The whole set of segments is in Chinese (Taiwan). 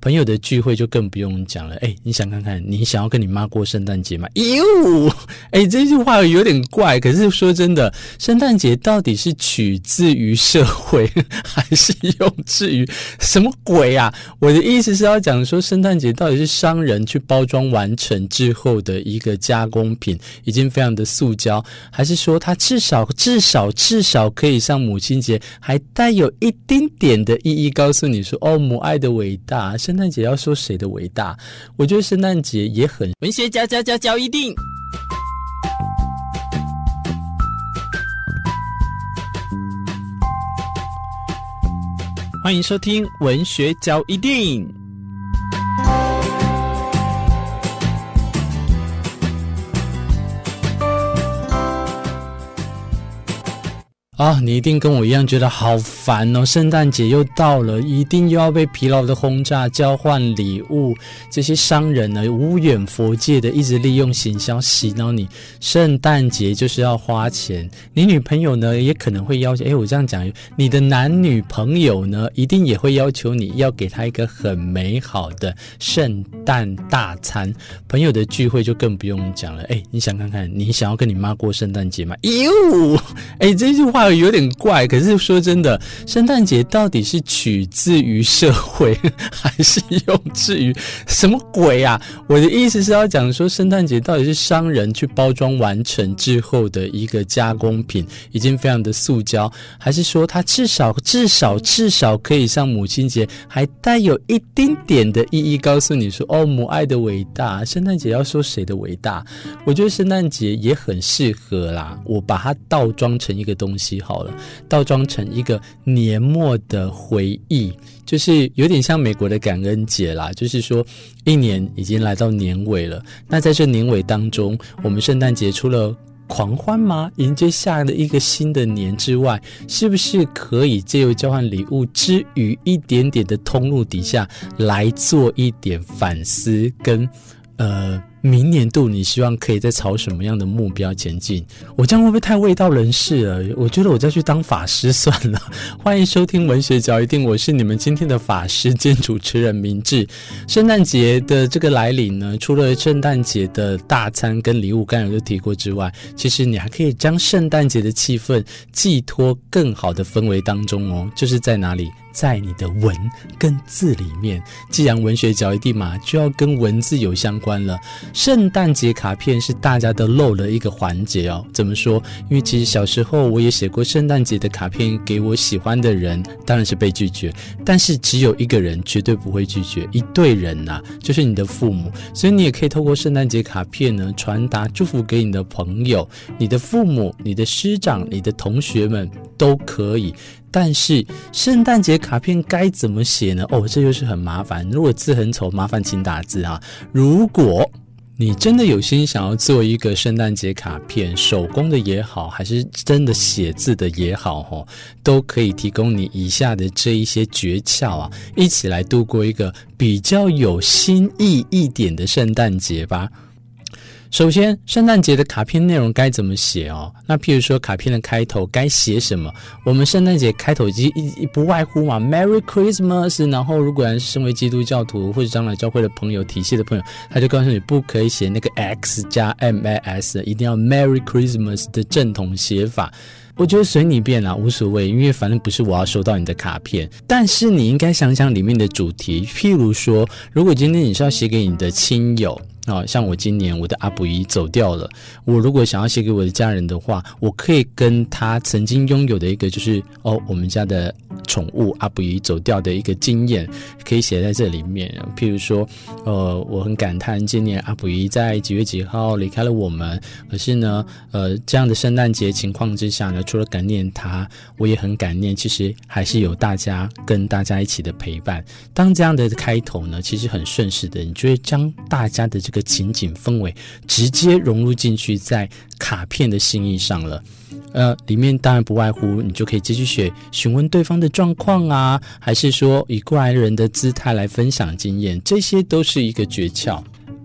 朋友的聚會就更不用講了。哎、欸，你想看看你想要跟你媽過聖誕節嗎？呦、呃，哎、欸，這句話有點怪。可是說真的，聖誕節到底是取自於社會，還是源自於什麼鬼啊？我的意思是要講說，聖誕節到底是商人去包裝完成之後的一個加工品，已經非常的塑膠，還是說它至少至少至少可以像母親節，還帶有一丁點的意義，告訴你說，哦，母愛的偉大。聖誕節要說誰的偉大？我覺得聖誕節也很。文學嚼嚼嚼嚼一定。歡迎收聽《文學嚼一定》。啊、哦，你一定跟我一樣覺得好煩哦！聖誕節又到了，一定又要被疲勞的轟炸、交換禮物，這些商人呢，無遠弗屆的，一直利用行銷洗腦你。聖誕節就是要花錢，你女朋友呢也可能會要求，哎、欸，我這樣講，你的男女朋友呢，一定也會要求你要給他一個很美好的聖誕大餐。朋友的聚會就更不用講了，哎、欸，你想看看，你想要跟你媽過聖誕節嗎？呦，哎、欸，這句話。有點怪，可是說真的，聖誕節到底是取自於社會，還是用自於什麼鬼啊？我的意思是要講說，聖誕節到底是商人去包裝完成之後的一個加工品，已經非常的塑膠，還是說它至少至少至少可以像母親節，還帶有一丁點的意義，告訴你說哦，母愛的偉大。聖誕節要說誰的偉大？我覺得聖誕節也很適合啦，我把它倒裝成一個東西。好了，倒裝成一個年末的回憶，就是有點像美國的感恩節啦。就是說，一年已經來到年尾了，那在這年尾當中，我們聖誕節除了狂歡嗎？迎接下一個新的年之外，是不是可以借由交換禮物之餘，一點點的通路底下來做一點反思跟呃？明年度你希望可以再朝什麼樣的目標前進？我這樣會不會太未到人事了？我覺得我再去當法師算了。歡迎收聽文學腳一地，我是你們今天的法師兼主持人明智。聖誕節的這個來臨呢，除了聖誕節的大餐跟禮物，剛才都提過之外，其實你還可以將聖誕節的氣氛寄託更好的氛圍當中哦。就是在哪裡？在你的文跟字裡面。既然文學腳一地嘛，就要跟文字有相關了。聖誕節卡片是大家都漏了一個環節哦，怎麼說？因為其實小時候我也寫過聖誕節的卡片給我喜歡的人，當然是被拒絕。但是只有一個人絕對不會拒絕，一對人吶、啊，就是你的父母。所以你也可以透過聖誕節卡片呢傳達祝福給你的朋友、你的父母、你的師長、你的同學們都可以。但是聖誕節卡片該怎麼寫呢？哦，這就是很麻煩。如果字很醜，麻煩請打字啊。如果你真的有心想要做一個聖誕節卡片，手工的也好，還是真的寫字的也好，哦，都可以提供你以下的這一些訣竅啊，一起來度過一個比較有新意一點的聖誕節吧。首先，聖誕節的卡片內容該怎麼寫哦？那譬如說，卡片的開頭該寫什麼？我們聖誕節開頭已經一，一，一不外乎嘛，Merry Christmas。然後，如果然是身為基督教徒或者長老教會的朋友體系的朋友，他就告訴你不可以寫那個 X 加 MAS，一定要 Merry Christmas 的正統寫法。我覺得隨你便啦、啊，無所謂，因為反正不是我要收到你的卡片。但是你應該想想裡面的主題，譬如說，如果今天你是要寫給你的親友。啊，像我今年我的阿布依走掉了，我如果想要寫給我的家人的話，我可以跟他曾經擁有的一個就是哦，我們家的寵物阿布依走掉的一個經驗，可以寫在這裡面。譬如說，呃，我很感嘆今年阿布依在幾月幾號離開了我們，可是呢，呃，這樣的聖誕節情況之下呢，除了感念他，我也很感念，其實還是有大家跟大家一起的陪伴。當這樣的開頭呢，其實很順勢的，你就會將大家的這個。情景氛圍直接融入進去，在卡片的心意上了。呃，裡面當然不外乎，你就可以繼續寫詢問對方的狀況啊，還是說以過來人的姿態來分享經驗，這些都是一個訣竅。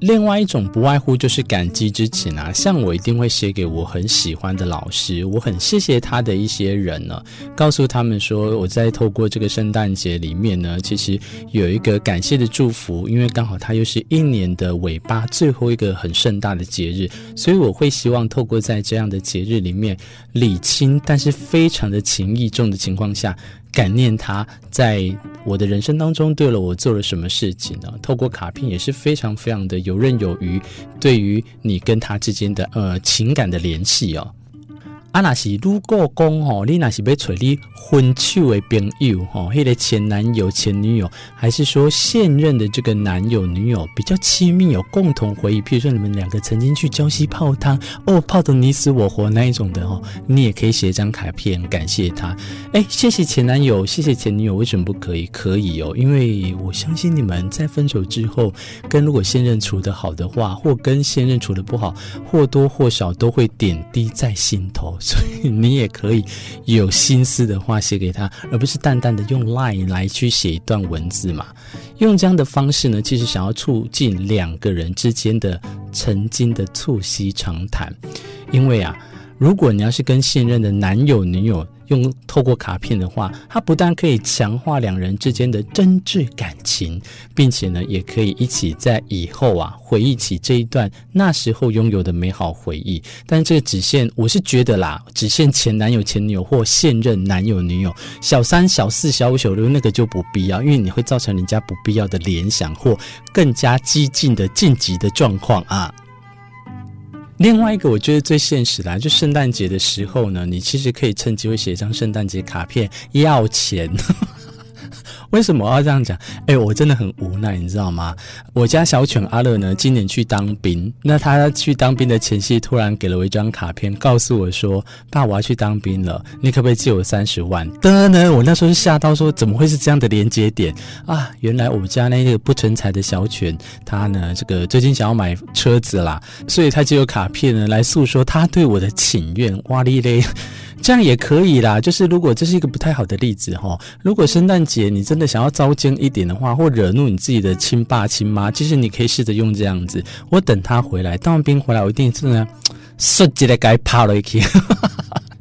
另外一種不外乎就是感激之情啊，像我一定會寫給我很喜歡的老師，我很謝謝他的一些人呢、啊，告訴他們說，我在透過這個聖誕節裡面呢，其實有一個感謝的祝福，因為剛好它又是一年的尾巴，最後一個很盛大的節日，所以我會希望透過在這樣的節日裡面，禮輕但是非常的情意重的情況下。感念他在我的人生當中對了我做了什麼事情呢？透過卡片也是非常非常的游刃有餘，對於你跟他之間的呃情感的聯繫哦。啊，那是如果講吼，你那是要找你分手的朋友吼，那個前男友、前女友，還是說現任的這個男友、女友比較親密，有共同回憶，譬如說你們兩個曾經去礁溪泡湯，哦，泡得你死我活那一種的吼，你也可以寫一張卡片感謝他。哎、欸，謝謝前男友，謝謝前女友，為什麼不可以？可以哦，因為我相信你們在分手之後，跟如果現任處得好的話，或跟現任處得不好，或多或少都會點滴在心頭。所以你也可以有心思的話寫給他，而不是淡淡的用 LINE 來去寫一段文字嘛。用這樣的方式呢，其實想要促進兩個人之間的曾經的促膝長談。因為啊，如果你要是跟現任的男友女友，用透過卡片的話，它不但可以強化兩人之間的真摯感情，並且呢，也可以一起在以後啊，回憶起這一段那時候擁有的美好回憶。但這個只限，我是覺得啦，只限前男友、前女友或現任男友、女友、小三、小四、小五、小六那個就不必要，因為你會造成人家不必要的聯想或更加激進的晉級的狀況啊。另外一個我覺得最現實的，就聖誕節的時候呢，你其實可以趁機會寫一張聖誕節卡片，要錢。 為什麼我要這樣講？哎，我真的很無奈，你知道嗎？我家小犬阿樂呢，今年去當兵。那他去當兵的前夕，突然給了我一張卡片，告訴我說：“爸，我要去當兵了，你可不可以借我三十萬？”當然呢，我那時候是嚇到說，說怎麼會是這樣的連接點啊？原來我們家那個不成才的小犬，他呢，這個最近想要買車子啦，所以他就有卡片呢來訴說他對我的請願。哇哩嘞，這樣也可以啦。就是如果這是一個不太好的例子哈、哦，如果聖誕節。你真的想要糟精一點的話，或惹怒你自己的親爸親媽，其實你可以試着用這樣子。我等他回來，當完兵回來，我一定真的聖誕節趴了一天。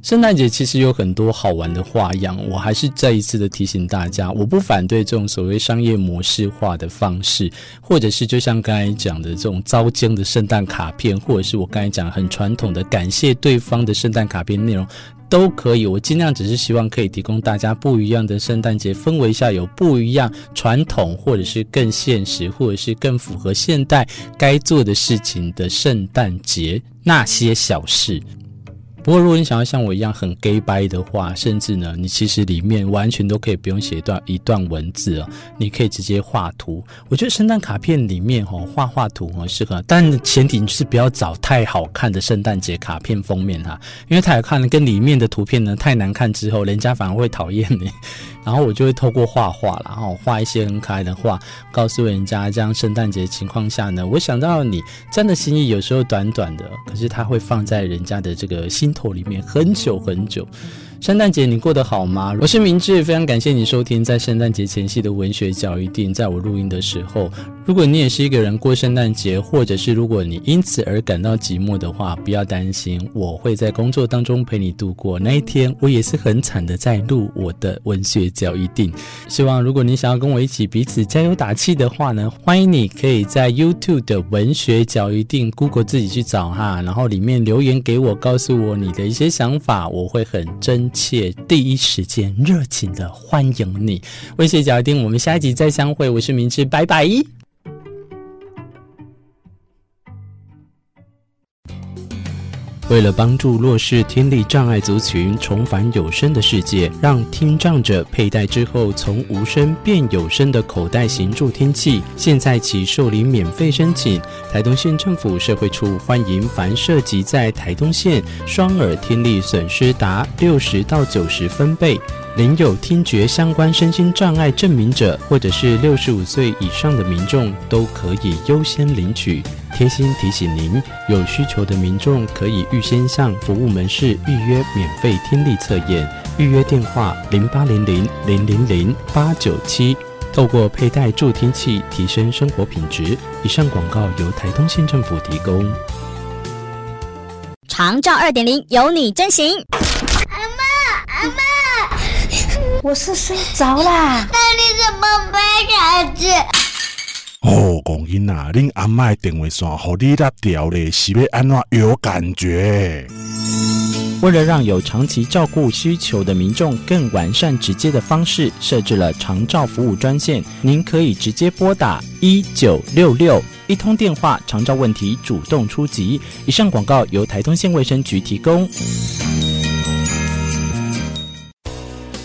聖誕節其實有很多好玩的花樣，我還是再一次的提醒大家，我不反對這種所謂商業模式化的方式，或者是就像剛才講的這種糟精的聖誕卡片，或者是我剛才講很傳統的感謝對方的聖誕卡片內容。都可以，我盡量只是希望可以提供大家不一樣的聖誕節氛圍下，有不一樣傳統，或者是更現實，或者是更符合現代該做的事情的聖誕節那些小事。不過，如果你想要像我一樣很 gay bye 的話，甚至呢，你其實裡面完全都可以不用寫一段一段文字哦，你可以直接畫圖。我覺得聖誕卡片裡面哦，畫畫圖很適合，但前提就是不要找太好看的聖誕節卡片封面哈、啊，因為太好看跟裡面的圖片呢，太難看之後，人家反而會討厭你。然後我就會透過畫畫，然後畫一些很可愛的畫，告訴人家。這樣聖誕節的情況下呢，我想到你這樣的心意，有時候短短的，可是它會放在人家的這個心頭裡面很久很久。聖誕節你過得好嗎？我是明志，非常感謝你收聽在聖誕節前夕的文學角一定。在我錄音的時候，如果你也是一個人過聖誕節，或者是如果你因此而感到寂寞的話，不要擔心，我會在工作當中陪你度過那一天。我也是很慘的在錄我的文學角一定。希望如果你想要跟我一起彼此加油打氣的話呢，歡迎你可以在 YouTube 的文學角一定 Google 自己去找哈，然後裡面留言給我，告訴我你的一些想法，我會很真。且第一時間熱情的歡迎你，微謝小、小丁，我們下一集再相會，我是明智，拜拜。為了幫助弱勢聽力障礙族群重返有聲的世界，讓聽障者佩戴之後從無聲變有聲的口袋型助聽器，現在起受理免費申請。台東縣政府社會處歡迎凡設籍在台東縣雙耳聽力損失達六十到九十分貝。您有聽覺相關身心障礙證明者，或者是六十五歲以上的民眾，都可以優先領取。貼心提醒您，有需求的民眾可以預先向服務門市預約免費聽力測驗，預約電話：零八零零零零零八九七，透過佩戴助聽器，提升生活品質。以上廣告由台東縣政府提供。長照二點零，有你真行。我是睡着啦， 那你怎麼沒感覺？何光、哦、英啊，您阿麥電話線，何你那掉嘞，是不是有感覺？為了讓有長期照顧需求的民眾更完善、直接的方式，設置了長照服務專線，您可以直接撥打一九六六一通電話，長照問題主動出擊。以上廣告由台中縣衛生局提供。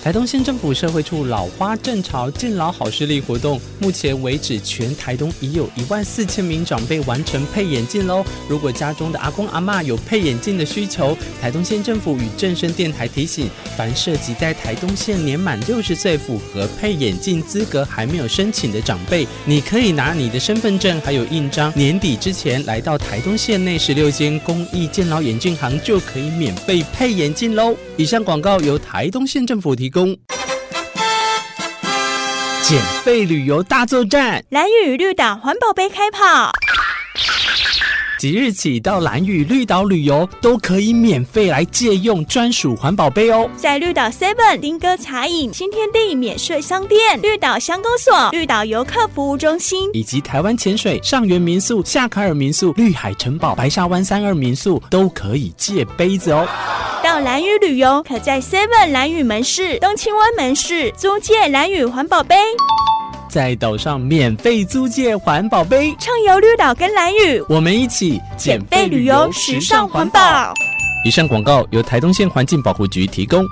台東縣政府社會處老花正潮、健老好視力活動，目前為止全台東已有一萬四千名長輩完成配眼鏡嘍。如果家中的阿公阿嬤有配眼鏡的需求，台東縣政府與正聲電台提醒，凡涉及在台東縣年滿六十歲符合配眼鏡資格還沒有申請的長輩，你可以拿你的身份證還有印章，年底之前來到台東縣內十六間公益健老眼鏡行，就可以免費配眼鏡嘍。以上廣告由台東縣政府提供。減費旅遊大作戰，蘭嶼綠島環保杯開跑！即日起到蘭嶼綠島旅遊，都可以免費來借用專屬環保杯哦。在綠島 Seven、丁哥茶飲、新天地免稅商店、綠島鄉公所、綠島遊客服務中心，以及台灣潛水、上元民宿、夏卡爾民宿、綠海城堡、白沙灣三二民宿，都可以借杯子哦。藍雨旅遊可在 Seven 蘭嶼門市、東清灣門市租借蘭嶼環保杯，在島上免費租借環保杯，暢遊綠島跟蘭嶼，我們一起減廢旅遊、時尚環保。環保以上廣告由台東縣環境保護局提供。